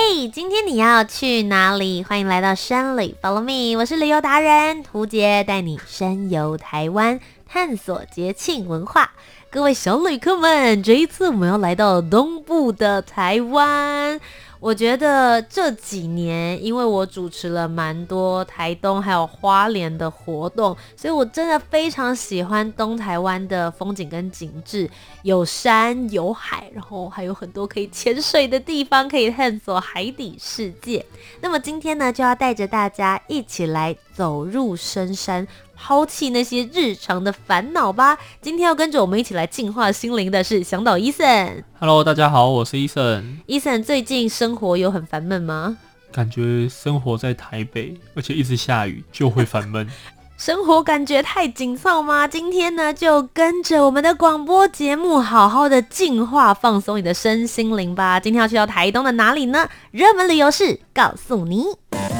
嘿、hey，今天你要去哪裡？歡迎來到深旅，Follow me，我是旅遊達人屠潔，帶你深遊台灣，探索節慶文化。各位小旅客們，這一次我們要來到東部的台灣。我覺得這幾年，因為我主持了蠻多台東還有花蓮的活動，所以我真的非常喜歡東台灣的風景跟景致，有山有海，然後還有很多可以潛水的地方，可以探索海底世界。那麼今天呢，就要帶着大家一起來。走入深山，拋棄那些日常的煩惱吧。今天要跟着我們一起來淨化心靈的是嚮導伊森。Hello，大家好，我是伊森。伊森最近生活有很煩悶嗎？感覺生活在台北，而且一直下雨，就會煩悶。 生活感覺太緊湊嗎？今天呢，就跟着我們的廣播節目，好好的淨化、放鬆你的身心靈吧。今天要去到台東的哪裡呢？熱門旅遊是告訴你。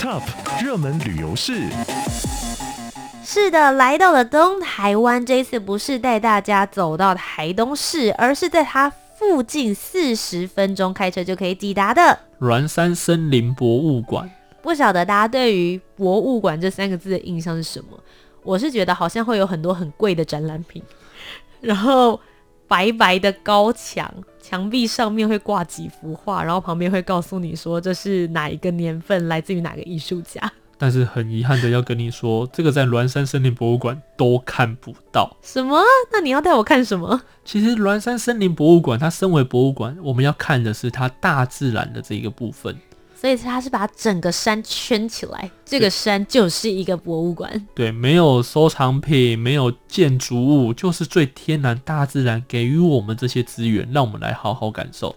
Top 熱門旅遊市，是的，來到了東台灣。這次不是帶大家走到台東市，而是在它附近四十分鐘開車就可以抵達的鸞山森林博物館。不曉得大家對於博物館這三個字的印象是什麼？我是覺得好像會有很多很貴的展覽品，然後。白白的高牆，牆壁上面會掛幾幅畫，然後旁邊會告訴你說這是哪一個年份，來自於哪個藝術家。但是很遺憾的要跟你說， 這個在鸞山森林博物館都看不到。什麼？那你要帶我看什麼？其實鸞山森林博物館，它身為博物館，我們要看的是它大自然的這一個部分。所以他是把整個山圈起來，這個山就是一個博物館。對，沒有收藏品，沒有建築物，就是最天然大自然給予我們這些資源，讓我們來好好感受。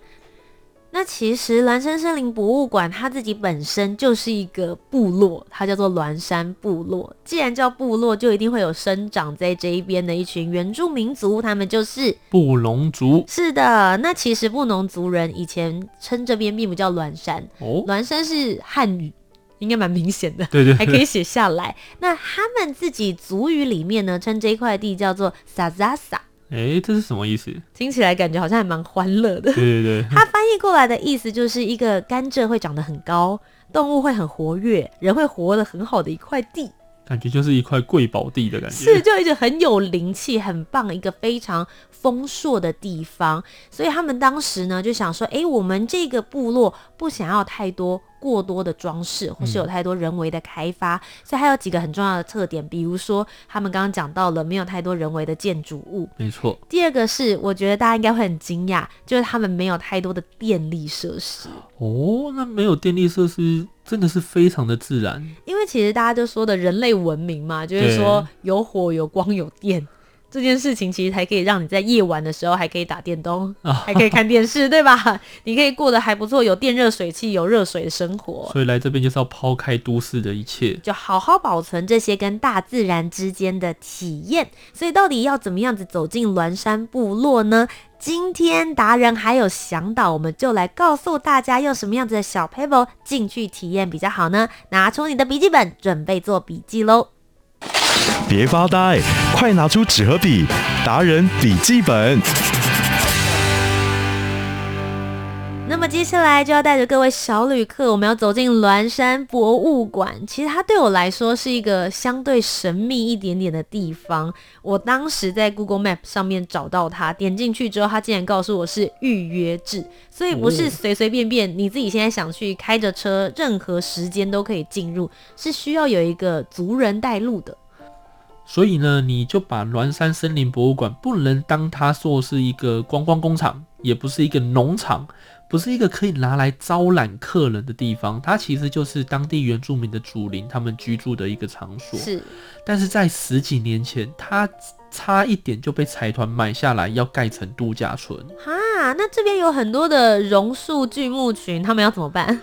那其實鸞山森林博物館它自己本身就是一個部落，它叫做鸞山部落。既然叫部落，就一定會有生長在這一邊的一群原住民族，他們就是布農族。是的，那其實布農族人以前稱這邊並不叫鸞山，鸞山，哦，鸞山是漢語，應該蠻明顯的。對對，對，還可以寫下來。 那他們自己族語裡面呢，稱這一塊地叫做 Sazasa 欸，這是什麼意思？聽起來感覺好像還蠻歡樂的。對對對，它翻譯過來的意思就是一個甘蔗會長得很高，動物會很活躍，人會活得很好的一塊地，感覺就是一塊貴寶地的感覺。是，就一直很有靈氣，很棒，一個非常豐碩的地方。所以他們當時呢就想說，欸，我們這個部落不想要太多，過多的裝飾，或是有太多人為的開發。嗯，所以還有幾個很重要的特點，比如說他們剛剛講到了沒有太多人為的建築物，沒錯。第二個是我覺得大家應該會很驚訝，就是他們沒有太多的電力設施。哦，那沒有電力設施真的是非常的自然，因為其實大家就說的人類文明嘛，就是說有火、有光、有電。這件事情其實還可以讓你在夜晚的時候還可以打電動， 還可以看電視，對吧？你可以過得還不錯，有電熱水器，有熱水的生活。所以來這邊就是要拋開都市的一切，就好好保存這些跟大自然之間的體驗。所以到底要怎麼樣子走進鸞山部落呢？今天達人還有向導，我們就來告訴大家用什麼樣子的小撇步進去體驗比較好呢？拿出你的筆記本，準備做筆記嘍！別發呆，快拿出紙和筆，達人筆記本。那麼接下來就要帶着各位小旅客，我們要走進鸞山博物館。其實它對我來說是一個相對神秘一點點的地方。我當時在 Google Map 上面找到它，點進去之後，它竟然告訴我是預約制，所以不是隨隨便便、嗯、你自己現在想去開着車任何時間都可以進入，是需要有一個族人帶路的。所以呢，你就把鸞山森林博物館不能當它做是一個觀光工廠，也不是一個農場，不是一個可以拿來招攬客人的地方。它其實就是當地原住民的祖靈，他們居住的一個場所。是，但是在十幾年前，它差一點就被財團買下來，要蓋成度假村。哈、啊，那這邊有很多的榕樹巨木群，他們要怎麼辦？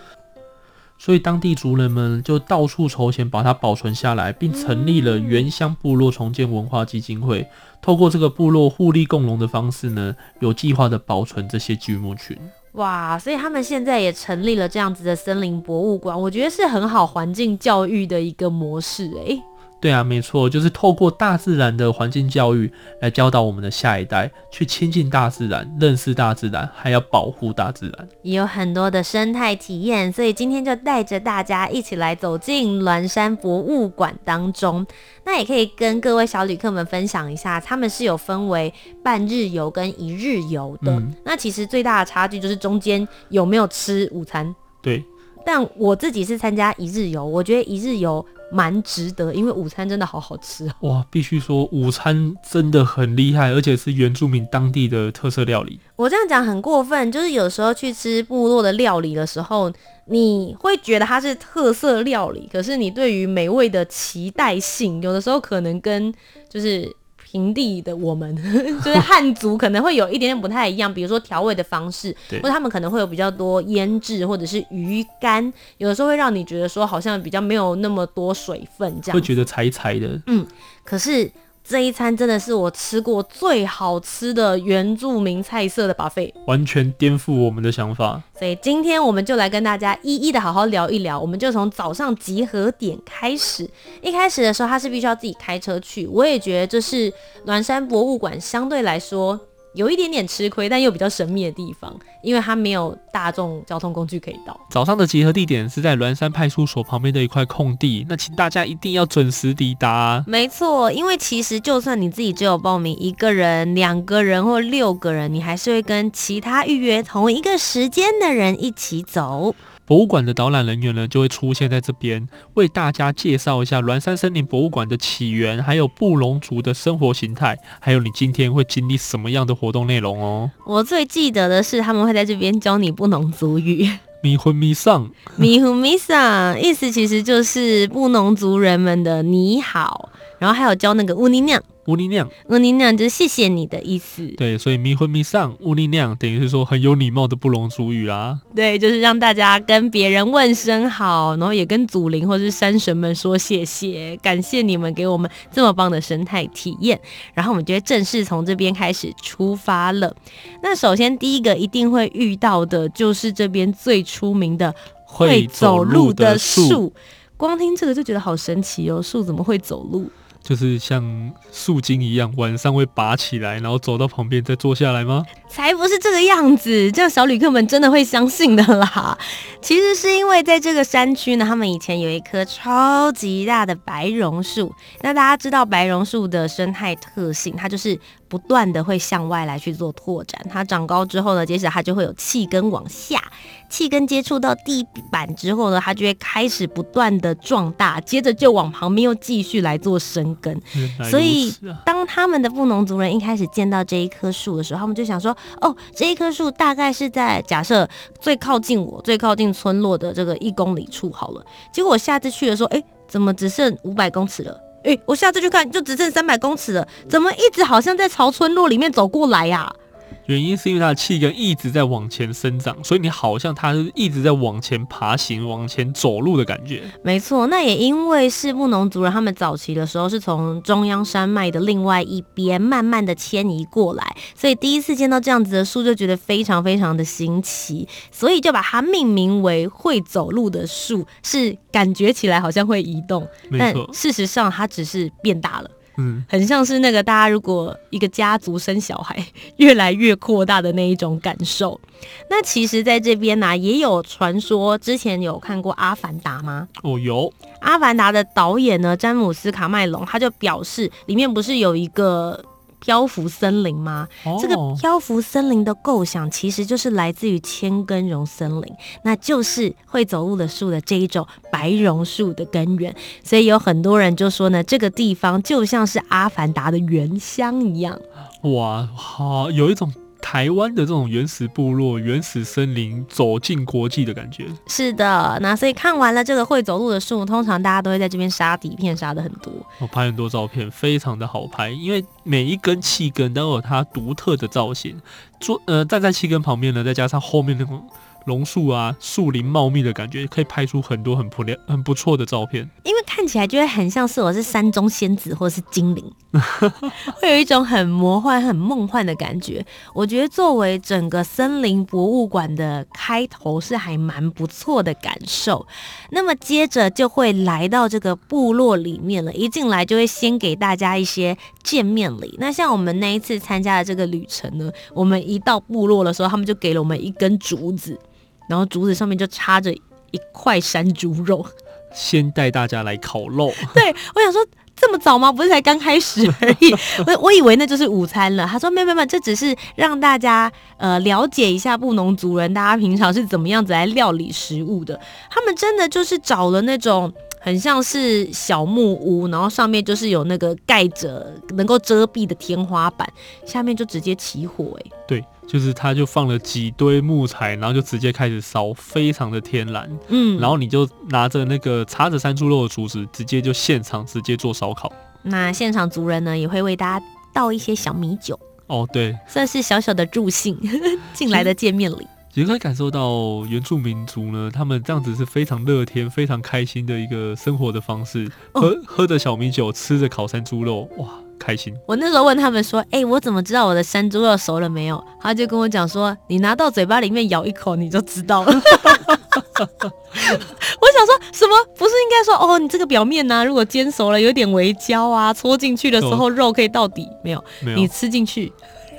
所以當地族人們就到處籌錢把它保存下來，並成立了原鄉部落重建文化基金會。透過這個部落互利共榮的方式呢，有計劃的保存這些巨木群。哇！所以他們現在也成立了這樣子的森林博物館，我覺得是很好環境教育的一個模式誒、欸。對啊，沒錯，就是透過大自然的環境教育來教導我們的下一代，去親近大自然、認識大自然，還要保護大自然，也有很多的生態體驗。所以今天就帶着大家一起來走進鸞山博物館當中。那也可以跟各位小旅客們分享一下，他們是有分為半日遊跟一日遊的。嗯。那其實最大的差距就是中間有沒有吃午餐。對。但我自己是參加一日遊，我覺得一日遊。蠻值得，因為午餐真的好好吃。哇，必須說，午餐真的很厲害，而且是原住民當地的特色料理。我這樣講很過分，就是有時候去吃部落的料理的時候，你會覺得它是特色料理，可是你對於美味的期待性，有的時候可能跟就是。平地的我們 就是漢族，可能會有一點點不太一樣， 比如說調味的方式，對，或者他們可能會有比較多醃製或者是魚乾，有的時候會讓你覺得說好像比較沒有那麼多水分，這樣會覺得柴柴的。嗯，可是。這一餐真的是我吃過最好吃的原住民菜色的 buffet，完全顛覆我們的想法。所以今天我們就來跟大家一一的好好聊一聊。我們就從早上集合點開始，一開始的時候他是必須要自己開車去。我也覺得這是鸞山博物館相對來說。有一點點吃虧，但又比較神秘的地方，因為它沒有大眾交通工具可以到。早上的集合地點是在鸞山派出所旁邊的一塊空地，那請大家一定要準時抵達。沒錯，因為其實就算你自己只有報名一個人、兩個人或六個人，你還是會跟其他預約同一個時間的人一起走。博物館的導覽人員呢，就會出現在這邊，為大家介紹一下鸞山森林博物館的起源，還有布農族的生活形態，還有你今天會經歷什麼樣的活動內容哦。我最記得的是，他們會在這邊教你布農族語 ，米呼米桑，米呼米桑 意思其實就是布農族人們的你好。然後還有教那個烏尼釀、烏尼釀，烏尼釀就是謝謝你的意思。對，所以迷魂迷上烏尼釀，等於是說很有禮貌的布農族語啊。對，就是讓大家跟別人問聲好，然後也跟祖靈或是山神們說謝謝，感謝你們給我們這麼棒的生態體驗。然後我們就會正式從這邊開始出發了。那首先第一個一定會遇到的就是這邊最出名的，會走，的會走路的樹，光聽這個就覺得好神奇哦，樹怎麼會走路？就是像樹精一樣，晚上會拔起來，然後走到旁邊再坐下來嗎？才不是這個樣子，這樣小旅客們真的會相信的啦。其實是因為在這個山區呢，他們以前有一棵超級大的白榕樹。那大家知道白榕樹的生態特性，它就是。不斷的會向外來去做拓展，它長高之後呢，接着它就會有氣根往下，氣根接觸到地板之後呢，它就會開始不斷的壯大，接着就往旁邊又繼續來做生根。啊、所以當他們的布農族人一開始見到這一棵樹的時候，他們就想說，哦，這一棵樹大概是在假設最靠近我最靠近村落的這個一公里處好了。結果我下次去的時候，哎、欸，怎麼只剩五百公尺了？哎、欸，我下次去看，就只剩三百公尺了，怎麼一直好像在朝村落裡面走過來呀、啊？原因是因為它的氣根一直在往前生長，所以你好像它是一直在往前爬行、往前走路的感覺。沒錯，那也因為是布農族人，他們早期的時候是從中央山脈的另外一邊慢慢的遷移過來，所以第一次見到這樣子的樹就覺得非常非常的新奇，所以就把它命名為會走路的樹，是感覺起來好像會移動，沒錯，但事實上它只是變大了。嗯，很像是那個大家如果一個家族生小孩越來越擴大的那一種感受。那其實在這邊呢、啊，也有傳說。之前有看過《阿凡達》嗎？哦，有。《阿凡達》的導演呢，詹姆斯·卡麥隆，他就表示裡面不是有一個。漂浮森林嗎？Oh. 這個漂浮森林的構想，其實就是來自於千根榕森林，那就是會走路的樹的這一種白榕樹的根源。所以有很多人就說呢，這個地方就像是阿凡達的原鄉一樣。哇，好有一種。台灣的這種原始部落、原始森林走進國際的感覺，是的。那所以看完了這個會走路的樹，通常大家都會在這邊殺底片殺得很多，我拍很多照片，非常的好拍，因為每一根氣根都有它獨特的造型，坐呃站在氣根旁邊呢，再加上後面那個。榕樹啊，樹林茂密的感覺，可以拍出很多很漂亮、很不錯的照片。因為看起來就會很像是我是山中仙子，或者是精靈， 會有一種很魔幻、很夢幻的感覺。我覺得作為整個森林博物館的開頭是還蠻不錯的感受。那麼接着就會來到這個部落裡面了，一進來就會先給大家一些見面禮。那像我們那一次參加的這個旅程呢，我們一到部落的時候，他們就給了我們一根竹子。然後竹子上面就插着一塊山豬肉，先帶大家來烤肉。對，我想說這麼早嗎？不是才剛開始而已，而 我我以為那就是午餐了。他說沒有沒有，這只是讓大家呃了解一下布農族人，大家平常是怎麼樣子來料理食物的。他們真的就是找了那種很像是小木屋，然後上面就是有那個蓋着能夠遮蔽的天花板，下面就直接起火。欸。哎，對。就是他就放了幾堆木材，然後就直接開始燒，非常的天然。嗯，然後你就拿着那個插着山豬肉的竹子，直接就現場直接做燒烤。那現場族人呢，也會為大家倒一些小米酒。哦，對，算是小小的助興，呵呵，進來的見面禮。也可以感受到原住民族呢，他們這樣子是非常樂天、非常開心的一個生活的方式，喝、哦、喝着小米酒，吃着烤山豬肉，哇。開心，我那時候問他們說：“哎、欸，我怎麼知道我的山豬肉熟了沒有？”他就跟我講說：“你拿到嘴巴裡面咬一口，你就知道了。 ”我想說什麼？不是應該說哦，你這個表面呢、啊，如果煎熟了，有點微焦啊，戳進去的時候、嗯、肉可以到底沒有，沒有，你吃進去。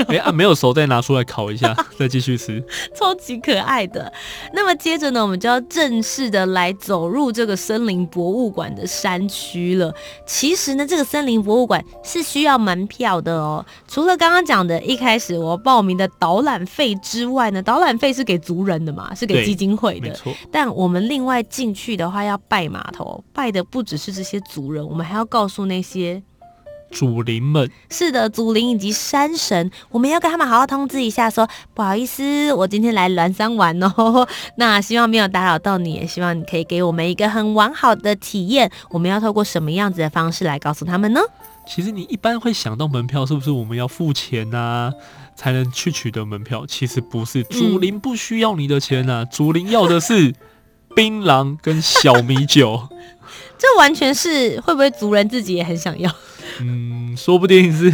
哎、欸，啊，沒有熟，再拿出來烤一下，再繼續吃， 超級可愛的。那麼接着呢，我們就要正式的來走入這個森林博物館的山區了。其實呢，這個森林博物館是需要門票的哦。除了剛剛講的一開始我要報名的導覽費之外呢，導覽費是給族人的嘛，是給基金會的。沒錯。但我們另外進去的話，要拜碼頭，拜的不只是這些族人，我們還要告訴那些。祖靈們是的，祖靈以及山神，我們要跟他們好好通知一下說，說不好意思，我今天來鸞山玩哦。那希望沒有打擾到你，也希望你可以給我們一個很完好的體驗。我們要透過什麼樣子的方式來告訴他們呢？其實你一般會想到門票是不是？我們要付錢啊，才能去取得門票。其實不是，嗯、祖靈不需要你的錢啊，祖靈要的是檳榔跟小米酒。 這完全是會不會族人自己也很想要？嗯，說不定是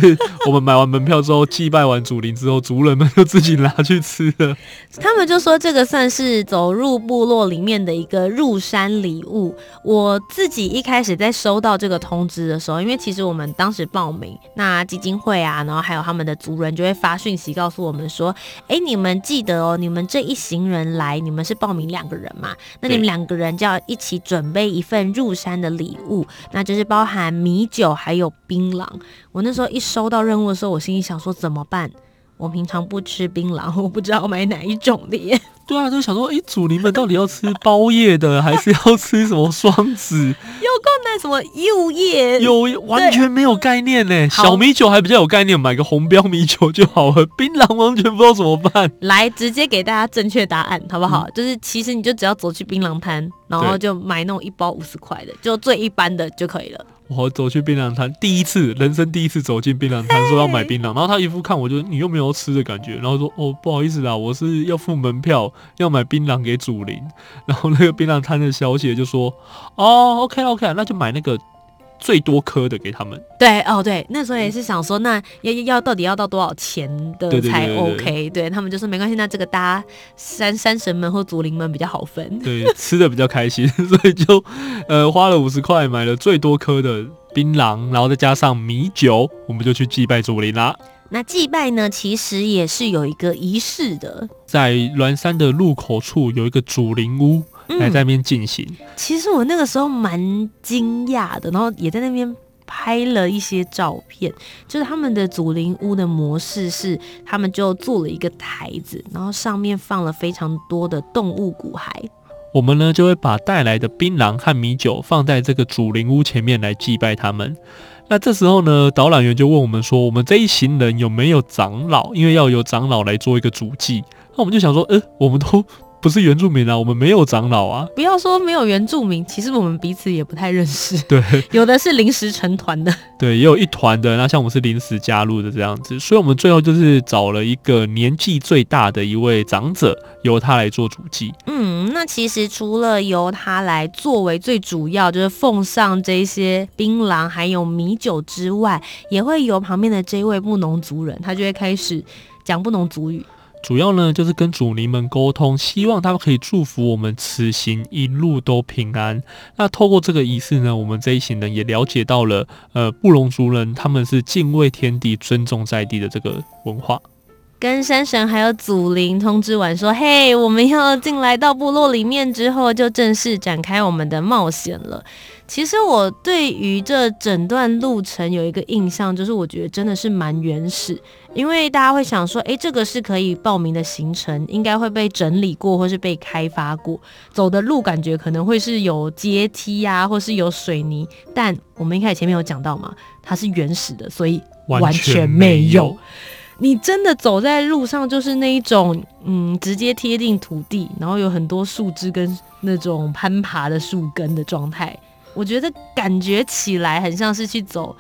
我們買完門票之後， 祭拜完祖靈之後，族人們就自己拿去吃了。他們就說這個算是走入部落裡面的一個入山禮物。我自己一開始在收到這個通知的時候，因為其實我們當時報名，那基金會啊，然後還有他們的族人就會發訊息告訴我們說：“哎、欸，你們記得哦，你們這一行人來，你們是報名兩個人嘛？那你們兩個人就要一起準備一份入山的禮物，那就是包含米酒還有。”檳榔，我那時候一收到任務的時候，我心裡想說怎麼辦？我平常不吃檳榔，我不知道買哪一種的耶。對啊，就是想說，欸，祖靈們到底要吃包葉的， 還是要吃什麼雙子？又夠買什麼柚葉？有完全沒有概念呢？小米酒還比較有概念，買個紅標米酒就好了。檳榔完全不知道怎麼辦。來，直接給大家正確答案好不好？嗯。就是其實你就只要走去檳榔攤，然後就買那種一包五十塊的，就最一般的就可以了。我走去檳榔攤，第一次人生第一次走進檳榔攤，說要買檳榔。然後他一副看我就，就你又沒有吃的感覺，然後說：“哦，不好意思啦，我是要付門票，要買檳榔給祖靈，然後那個檳榔攤的小姐就說：“哦，OK，OK，okay, okay, 那就買那個。”最多顆的給他們，對。對哦，對，那時候也是想說，那要要到底要到多少錢的才 OK？對，對，對，對，對，對，對，他們就說沒關係，那這個搭山山神門或祖靈門比較好分。對，吃的比較開心， 所以就呃花了五十塊買了最多顆的檳榔，然後再加上米酒，我們就去祭拜祖靈啦。那祭拜呢，其實也是有一個儀式的，在鸞山的入口處有一個祖靈屋。來在那邊進行、嗯。其實我那個時候蠻驚訝的，然後也在那邊拍了一些照片。就是他們的祖靈屋的模式是，他們就做了一個台子，然後上面放了非常多的動物骨骸。我們呢就會把帶來的檳榔和米酒放在這個祖靈屋前面來祭拜他們。那這時候呢，導覽員就問我們說：“我們這一行人有沒有長老？因為要有長老來做一個主祭。”那我們就想說：“呃，我們都。”不是原住民啊，我們沒有長老啊。不要說沒有原住民，其實我們彼此也不太認識。對，有的是臨時成團的。對，也有一團的。那像我們是臨時加入的這樣子，所以我們最後就是找了一個年紀最大的一位長者，由他來做主祭。嗯，那其實除了由他來作為最主要，就是奉上這些檳榔還有米酒之外，也會由旁邊的這一位布農族人，他就會開始講布農族語。主要呢，就是跟祖靈們溝通，希望他們可以祝福我們此行一路都平安。那透過這個儀式呢，我們這一行人也了解到了，呃，布農族人他們是敬畏天地、尊重在地的這個文化。跟山神還有祖靈通知完說：“嘿，我們要進來到部落裡面之後，就正式展開我們的冒險了。”其實我對於這整段路程有一個印象，就是我覺得真的是蠻原始。因為大家會想說，哎、欸，這個是可以報名的行程，應該會被整理過，或是被開發過，走的路感覺可能會是有階梯呀、啊，或是有水泥。但我們一開始前面有講到嘛，它是原始的，所以完全沒有。沒有。你真的走在路上，就是那一種，嗯，直接貼近土地，然後有很多樹枝跟那種攀爬的樹根的狀態。我覺得感覺起來很像是去走。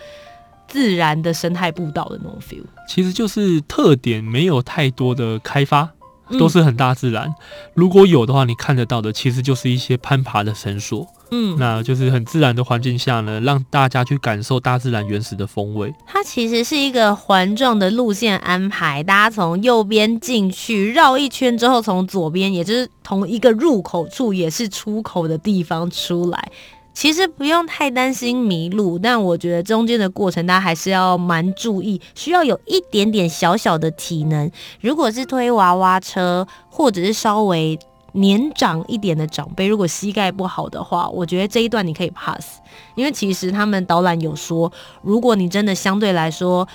自然的生態步道的那種 feel，其實就是特點沒有太多的開發，嗯、都是很大自然。如果有的話，你看得到的其實就是一些攀爬的繩索，嗯，那就是很自然的環境下呢，讓大家去感受大自然原始的風味。它其實是一個環狀的路線安排，大家從右邊進去，繞一圈之後從左邊，也就是同一個入口處也是出口的地方出來。其實不用太擔心迷路，但我覺得中間的過程，大家還是要蠻注意，需要有一點點小小的體能。如果是推娃娃車，或者是稍微年長一點的長輩，如果膝蓋不好的話，我覺得這一段你可以 pass，因為其實他們導覽有說，如果你真的相對來說。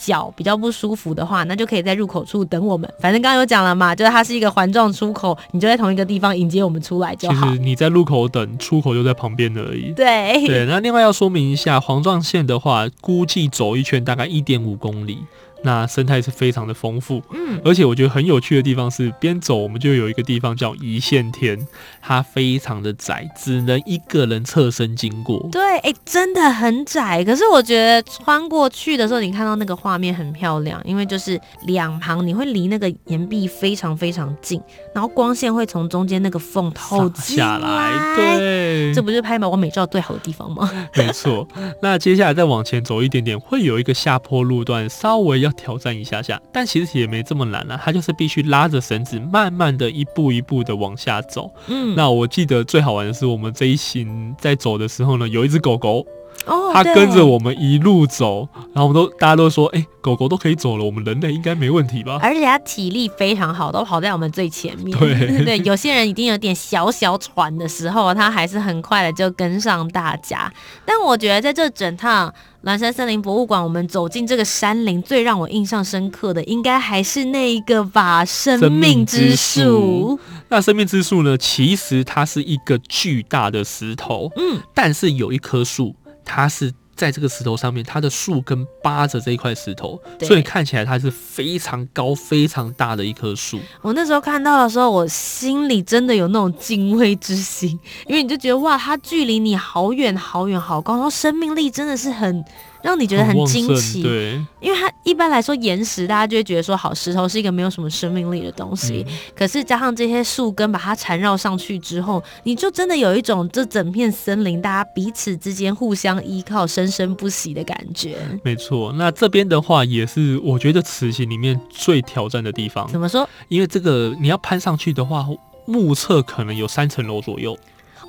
腳比較不舒服的話，那就可以在入口處等我們。反正剛剛有講了嘛，就是它是一個環狀出口，你就在同一個地方迎接我們出來就好。其實你在入口等，出口就在旁邊而已。對對，那另外要說明一下，環狀線的話，估計走一圈大概一點五公里。那生態是非常的豐富，嗯，而且我覺得很有趣的地方是，邊走我們就有一個地方叫一線天，它非常的窄，只能一個人側身經過。對，哎、欸，真的很窄。可是我覺得穿過去的時候，你看到那個畫面很漂亮，因為就是兩旁你會離那個岩壁非常非常近，然後光線會從中間那個縫透進來，下下來。對，這不是拍網美照最好的地方嗎？沒錯。 那接下來再往前走一點點，會有一個下坡路段，稍微要。挑戰一下下，但其實也沒這麼難啊，他就是必須拉着繩子，慢慢的一步一步的往下走。嗯，那我記得最好玩的是，我們這一行在走的時候呢，有一隻狗狗。哦、他跟着我們一路走，然後我們都大家都說，哎、欸，狗狗都可以走了，我們人類應該沒問題吧？而且它體力非常好，都跑在我們最前面。對 對，有些人已經有點小小喘的時候，它還是很快的就跟上大家。但我覺得在這整趟鸞山森林博物館，我們走進這個山林，最讓我印象深刻的，應該還是那一個吧，生命之樹。那生命之樹呢，其實它是一個巨大的石頭，嗯，但是有一棵樹。它是在這個石頭上面，它的樹根扒着這一塊石頭，所以看起來它是非常高，非常大的一棵樹。我那時候看到的時候，我心裡真的有那種敬畏之心，因為你就覺得哇，它距離你好遠、好遠、好高，然後生命力真的是很。讓你覺得很驚奇很，對，因為它一般來說，岩石大家就會覺得說好，好石頭是一個沒有什麼生命力的東西。嗯、可是加上這些樹根把它纏繞上去之後，你就真的有一種這整片森林大家彼此之間互相依靠、生生不息的感覺。沒錯，那這邊的話也是我覺得此行裡面最挑戰的地方。怎麼說？因為這個你要攀上去的話，目測可能有三層樓左右。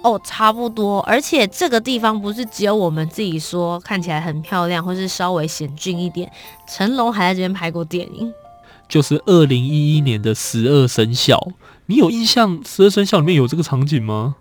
哦，差不多，而且這個地方不是只有我們自己說看起來很漂亮，或是稍微險峻一點。成龍還在這邊拍過電影，就是二零一一年的《十二生肖》，你有印象《十二生肖》裡面有這個場景嗎？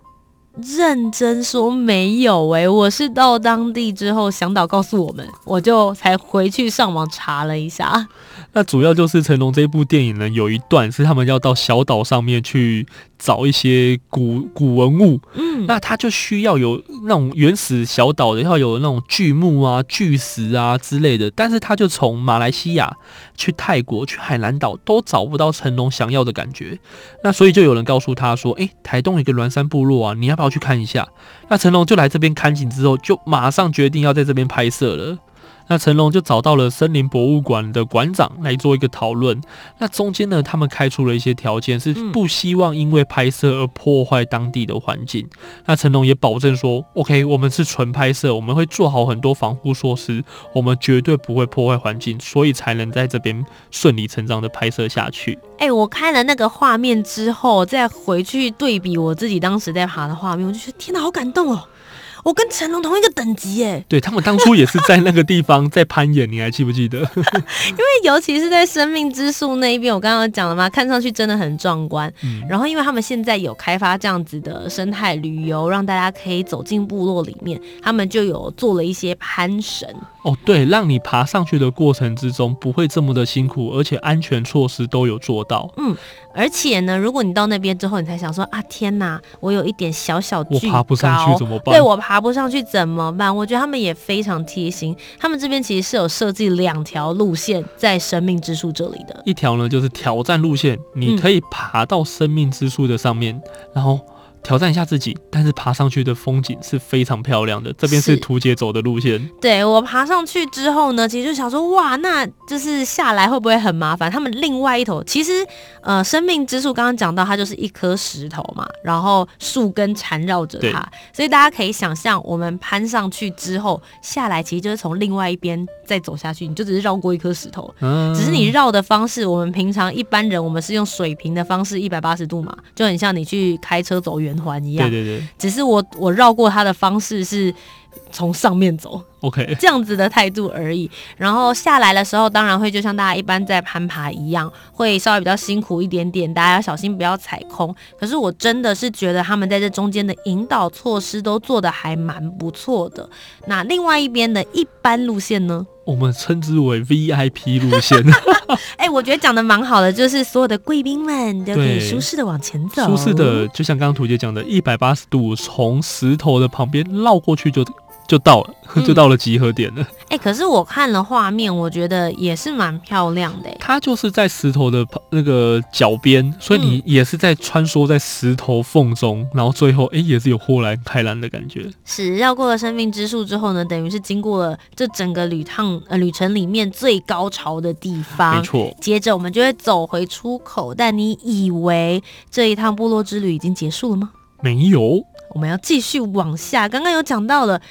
認真說沒有哎、欸，我是到當地之後，嚮導告訴我們，我就才回去上網查了一下。那主要就是成龍這部電影呢，有一段是他們要到小島上面去找一些古古文物，嗯，那他就需要有那種原始小島的，要有那種巨木啊、巨石啊之類的，但是他就從馬來西亞去泰國、去海南島都找不到成龍想要的感覺，那所以就有人告訴他說：“誒、欸，台東有一個鸞山部落啊，你要不要去看一下？”那成龍就來這邊看景之後，就馬上決定要在這邊拍攝了。那成龍就找到了森林博物館的館長來做一個討論。那中間呢，他們開出了一些條件，是不希望因為拍攝而破壞當地的環境、嗯。那成龍也保證說，OK，我們是純拍攝，我們會做好很多防護措施，我們絕對不會破壞環境，所以才能在這邊順理成章的拍攝下去。哎、欸，我看了那個畫面之後，再回去對比我自己當時在爬的畫面，我就覺得天哪，好感動哦！我跟成龍同一個等級哎、欸，對，他們當初也是在那個地方在攀岩。 你還記不記得？ 因為尤其是在生命之樹那一邊，我剛剛講了嗎？看上去真的很壯觀、嗯。然後，因為他們現在有開發這樣子的生態旅遊，讓大家可以走進部落裡面，他們就有做了一些攀繩。哦，對，讓你爬上去的過程之中不會這麼的辛苦，而且安全措施都有做到。嗯。而且呢，如果你到那邊之後，你才想說啊，天哪，我有一點小小懼高，我爬不上去怎麼辦？對，我爬不上去怎麼辦？我覺得他們也非常貼心，他們這邊其實是有設計兩條路線在生命之樹這裡的，一條呢就是挑戰路線，你可以爬到生命之樹的上面，嗯、然後。挑戰一下自己，但是爬上去的風景是非常漂亮的。這邊是屠潔走的路線。對，我爬上去之後呢，其實就想說，哇，那就是下來會不會很麻煩？他們另外一頭，其實，呃，生命之樹剛剛講到，它就是一顆石頭嘛，然後樹根纏繞着它，所以大家可以想象，我們攀上去之後下來，其實就是從另外一邊再走下去，你就只是繞過一顆石頭。嗯，只是你繞的方式，我們平常一般人我們是用水平的方式，一百八十度嘛，就很像你去開車走遠圓環一樣，對對對，只是我我繞過它的方式是從上面走，OK，這樣子的態度而已。然後下來的時候，當然會就像大家一般在攀爬一樣，會稍微比較辛苦一點點，大家要小心不要踩空。可是我真的是覺得他們在這中間的引導措施都做得還蠻不錯的。那另外一邊的一般路線呢？我們稱之為 VIP 路線 哎，我覺得講得蠻好的，就是所有的貴賓們都可以舒適的往前走，舒適的就像剛剛屠潔講的，一百八十度從石頭的旁邊繞過去就。就到了，嗯、 就到了集合點了。哎、欸，可是我看了畫面，我覺得也是蠻漂亮的。它就是在石頭的那個腳邊，所以你也是在穿梭在石頭縫中、嗯，然後最後，哎、欸，也是有豁然開朗的感覺。是繞過了生命之樹之後呢，等於是經過了這整個旅趟呃旅程裡面最高潮的地方。沒錯，接着我們就會走回出口。但你以為這一趟部落之旅已經結束了嗎？沒有，我們要繼續往下。剛剛有講到了。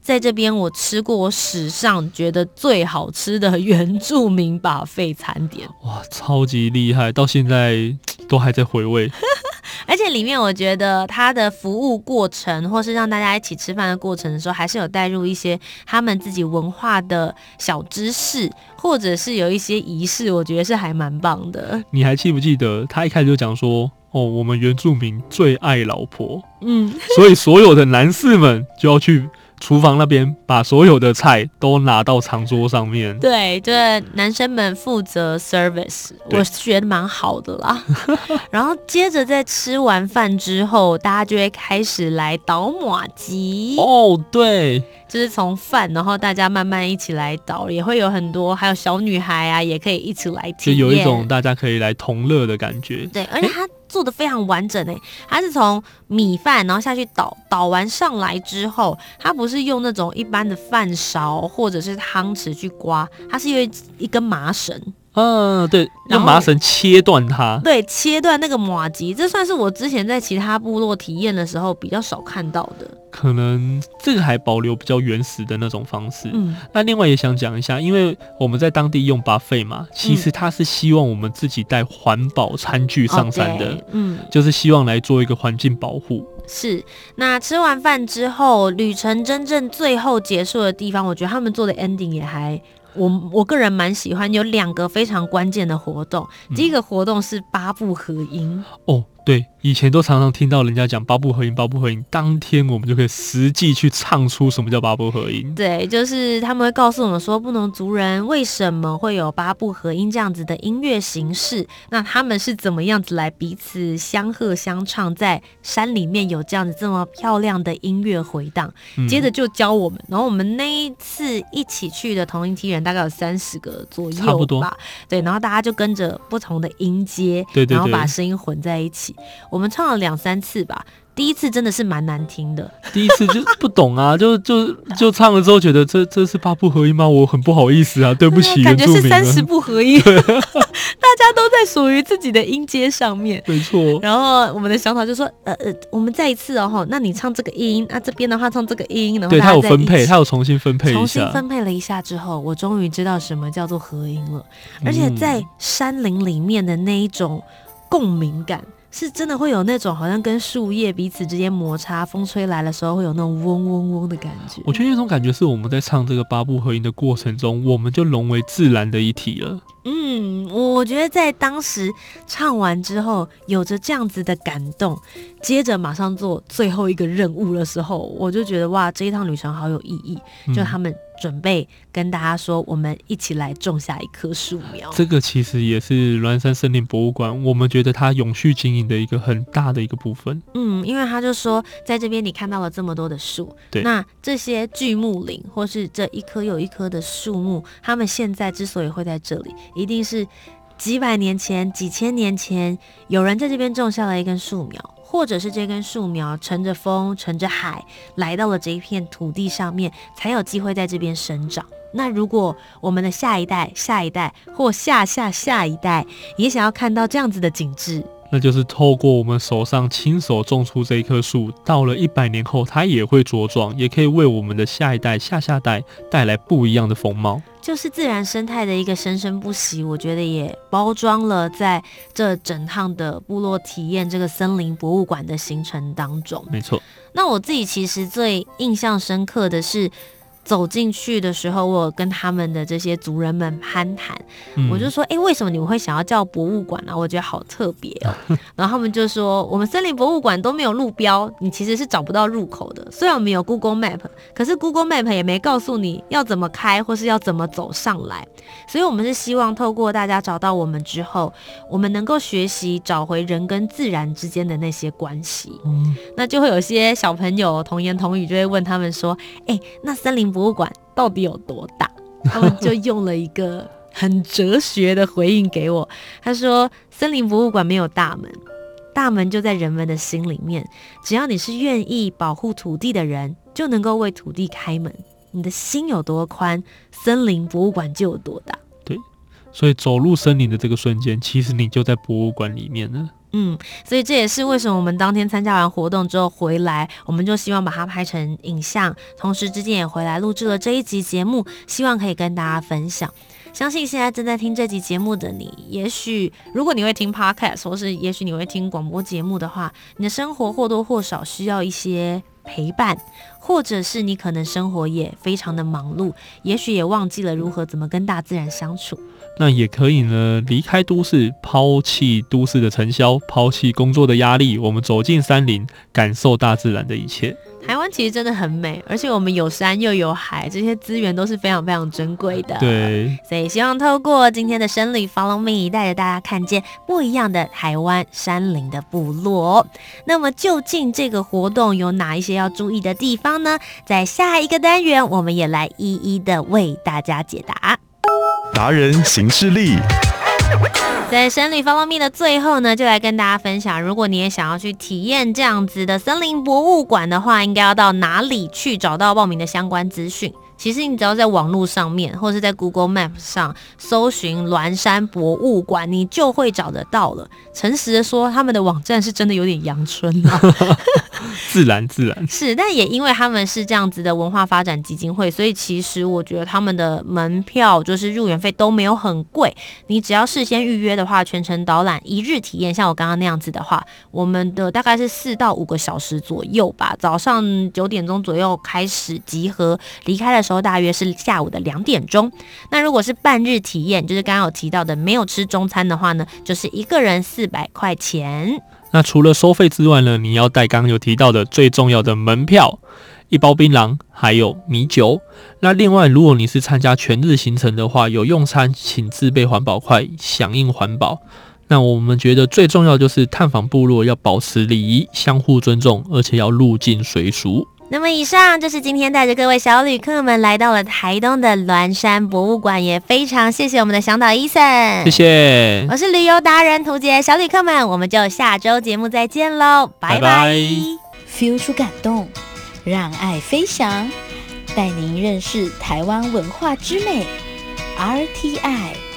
在這邊，我吃過我史上覺得最好吃的原住民把廢餐點，哇，超級厲害！到現在都還在回味。 而且裡面我覺得他的服務過程，或是讓大家一起吃飯的過程的時候，還是有帶入一些他們自己文化的小知識，或者是有一些儀式，我覺得是還蠻棒的。你還記不記得他一開始就講說：“哦，我們原住民最愛老婆，嗯， 所以所有的男士們就要去。”廚房那邊把所有的菜都拿到長桌上面，嗯。對，就是男生們負責 service，我覺得蠻好的啦。 然後接着在吃完飯之後，大家就會開始來搗麻糬。哦、oh，對，就是從飯，然後大家慢慢一起來搗，也會有很多，還有小女孩啊，也可以一起來體驗，就有一種大家可以來同樂的感覺。對，而且他。做得非常完整哎，它是從米飯，然後下去倒，倒完上來之後，它不是用那種一般的飯勺或者是湯匙去刮，它是因為一根麻繩。嗯，對，用麻繩切斷它，對，切斷那個麻糬，這算是我之前在其他部落體驗的時候比較少看到的。可能這個還保留比較原始的那種方式。嗯，那另外也想講一下，因為我們在當地用 buffet 嘛，其實他是希望我們自己帶環保餐具上山的，嗯, okay, 嗯，就是希望來做一個環境保護。是，那吃完飯之後，旅程真正最後結束的地方，我覺得他們做的 Ending 也還。我我個人蠻喜歡，有兩個非常關鍵的活動。嗯、第一個活動是八部合音哦。對，以前都常常聽到人家講八部合音，八部合音。當天我們就可以實際去唱出什麼叫八部合音。對，就是他們會告訴我們說，布農族人為什麼會有八部合音這樣子的音樂形式，那他們是怎麼樣子來彼此相和相唱，在山裡面有這樣子這麼漂亮的音樂回盪。嗯。接着就教我們，然後我們那一次一起去的同一梯人大概有三十個左右，差不多吧。對，然後大家就跟着不同的音階，對對對，然後把聲音混在一起。我們唱了兩三次吧，第一次真的是蠻難聽的。第一次就不懂啊， 就就就唱了之後，覺得這這是八部合音嗎？我很不好意思啊，對不起。感覺是三十部合音， 大家都在屬於自己的音階上面。沒錯。然後我們的想法就說，呃呃，我們再一次哦，那你唱這個音，那、啊、這邊的話唱這個音，然後大分對他有分配，他有重新分配一下，重新分配了一下之後，我終於知道什麼叫做合音了、嗯。而且在山林裡面的那一種共鳴感。是真的會有那種好像跟樹葉彼此之間摩擦，風吹來的時候會有那種嗡嗡嗡的感覺。我覺得那種感覺是我們在唱這個八部合音的過程中，我們就融為自然的一體了。嗯，我覺得在當時唱完之後，有着這樣子的感動，接着馬上做最後一個任務的時候，我就覺得哇，這一趟旅程好有意義。嗯、就他們。準備跟大家說，我們一起來種下一棵樹苗。這個其實也是鸞山森林博物館，我們覺得它永續經營的一個很大的一個部分。嗯，因為他就說，在這邊你看到了這麼多的樹，對，那這些巨木林或是這一棵又一棵的樹木，他們現在之所以會在這裡，一定是。幾百年前，幾千年前，有人在這邊種下了一根樹苗，或者是這根樹苗乘着風，乘着海來到了這一片土地上面，才有機會在這邊生長。那如果我們的下一代、下一代或下下下一代也想要看到這樣子的景致，那就是透過我們手上親手種出這一棵樹，到了一百年後，它也會茁壯，也可以為我們的下一代、下下代帶來不一樣的風貌。就是自然生態的一個生生不息，我覺得也包裝了在這整趟的部落體驗、這個森林博物館的行程當中。沒錯。那我自己其實最印象深刻的是。走進去的時候，我跟他們的這些族人們攀談、嗯，我就說：哎、欸，為什麼你們會想要叫博物館啊？我覺得好特別哦、啊啊。然後他們就說：我們森林博物館都沒有路標，你其實是找不到入口的。雖然我們有 Google Map，可是 Google Map 也沒告訴你要怎麼開，或是要怎麼走上來。所以，我們是希望透過大家找到我們之後，我們能夠學習找回人跟自然之間的那些關係。嗯，那就會有些小朋友童言童語就會問他們說：哎、欸，那森林博物博物館到底有多大？他們就用了一個很哲學的回應給我。他說：“森林博物館沒有大門，大門就在人們的心裡面。只要你是願意保護土地的人，就能夠為土地開門。你的心有多寬，森林博物館就有多大。”對，所以走入森林的這個瞬間，其實你就在博物館裡面呢。嗯，所以這也是為什麼我們當天參加完活動之後回來，我們就希望把它拍成影像。同時之間也回來錄制了這一集節目，希望可以跟大家分享。相信現在正在聽這集節目的你，也許如果你會聽 Podcast 或是，也許你會聽廣播節目的話，你的生活或多或少需要一些陪伴，或者是你可能生活也非常的忙碌，也許也忘記了如何怎麼跟大自然相處。那也可以呢，離開都市，拋棄都市的塵囂，拋棄工作的壓力，我們走進山林，感受大自然的一切。台灣其實真的很美，而且我們有山又有海，這些資源都是非常非常珍貴的。對，所以希望透過今天的深旅 Follow Me，帶着大家看見不一樣的台灣山林的部落。那麼，究竟這個活動有哪一些要注意的地方呢？在下一個單元，我們也來一一的為大家解答。達人行事力，在深旅 Follow Me 的最後呢，就來跟大家分享，如果你也想要去體驗這樣子的森林博物館的話，應該要到哪裡去找到報名的相關資訊？其實你只要在網絡上面，或是在 Google Map 上搜尋鸞山博物館，你就會找得到了。誠實的說，他們的網站是真的有點陽春、啊、 自然，自然是，但也因為他們是這樣子的文化發展基金會，所以其實我覺得他們的門票就是入園費都沒有很貴。你只要事先預約的話，全程導覽一日體驗，像我剛剛那樣子的話，我們的大概是四到五個小時左右吧。早上九點鐘左右開始集合，離開的時候都大約是下午的兩點鐘。那如果是半日體驗，就是剛剛有提到的、沒有吃中餐的話呢，就是一個人四百塊錢。那除了收費之外呢，你要帶剛剛有提到的最重要的門票、一包檳榔，還有米酒。那另外，如果你是參加全日行程的話，有用餐請自備環保筷，響應環保。那我們覺得最重要就是探訪部落要保持禮儀，相互尊重，而且要入境隨俗。那麼，以上就是今天帶着各位小旅客們來到了台東的鸞山博物館，也非常謝謝我們的向導伊森，謝謝。我是旅遊達人屠潔，小旅客們，我們就下周節目再見嘍，拜拜。feel 出感，感動，讓愛飛翔，帶您認識台灣文化之美，RTI。